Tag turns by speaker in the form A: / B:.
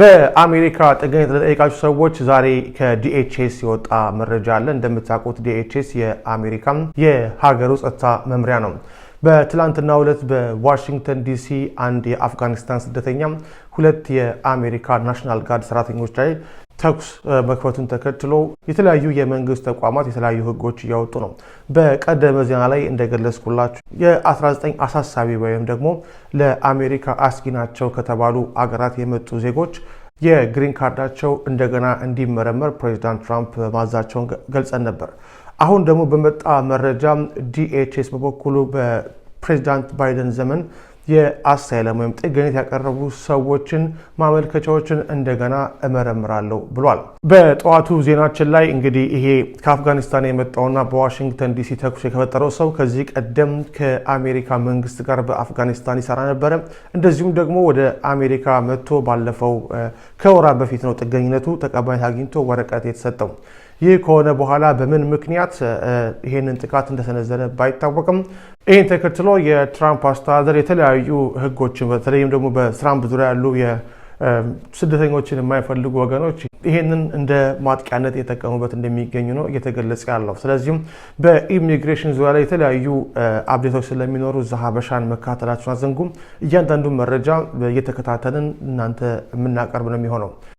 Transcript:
A: በአሜሪካ ጥገኝነት ለጠየቃችሁ ሰዎች ዛሬ ከዲኤችኤስ የወጣ መረጃ አለ። እንደምታውቁት ዲኤችኤስ የአሜሪካ የሀገር ውስጥ ጸጥታ መምሪያ ነው። በትላንትና ሁለት በዋሽንግተን ዲሲ አንድ የአፍጋኒስታን ስደተኛ ሁለት የአሜሪካ ናሽናል ጋርድ ሰራተኞች ላይ ተኩስ መክፈቱን ተከትሎ የተለያዩ የመንግስት ተቋማት የተለያዩ ህጎች እያወጡ ነው። በቀደመ ዜና ላይ እንደገለጽኩላችሁ የ19 አሳሳቢ ወይም ደግሞ ለአሜሪካ አስጊ ናቸው ከተባሉ አገራት የመጡ ዜጎች የግሪን ካርዳቸው እንደገና እንዲመረመር ፕሬዚዳንት ትራምፕ ማዛቸውን ገልጸን ነበር። አሁን ደግሞ በመጣ መረጃ ዲኤችኤስ በበኩሉ በፕሬዚዳንት ባይደን ዘመን የአሳይለም ወይም ጥገኝነት ያቀረቡ ሰዎችን ማመልከቻዎችን እንደገና እመረምራለሁ ብሏል። በጠዋቱ ዜናችን ላይ እንግዲህ ይሄ ከአፍጋኒስታን የመጣውና በዋሽንግተን ዲሲ ተኩስ የተፈጠረው ሰው ከዚህ ቀደም ከአሜሪካ መንግስት ጋር በአፍጋኒስታን ይሰራ ነበረ። እንደዚሁም ደግሞ ወደ አሜሪካ መጥቶ ባለፈው ከወራ በፊት ነው ጥገኝነቱ ተቀባይነት አግኝቶ ወረቀት የተሰጠው። ይህ ከሆነ በኋላ በምን ምክንያት ይህንን ጥቃት እንደሰነዘረ ባይታወቅም ይህን ተከትሎ የትራምፕ አስተዳደር የተለያዩ ህጎችን በተለይም ደግሞ በትራምፕ ዙሪያ ያሉ ስደተኞችን የማይፈልጉ ወገኖች ይህንን እንደ ማጥቂያነት የጠቀሙበት እንደሚገኙ ነው እየተገለጸ ያለው። ስለዚህም በኢሚግሬሽን ዙሪያ ላይ የተለያዩ አብዴቶች ስለሚኖሩ እዛ ሀበሻን መከታተላችሁን አዘንጉም። እያንዳንዱ መረጃ እየተከታተልን እናንተ የምናቀርብ ነው የሚሆነው።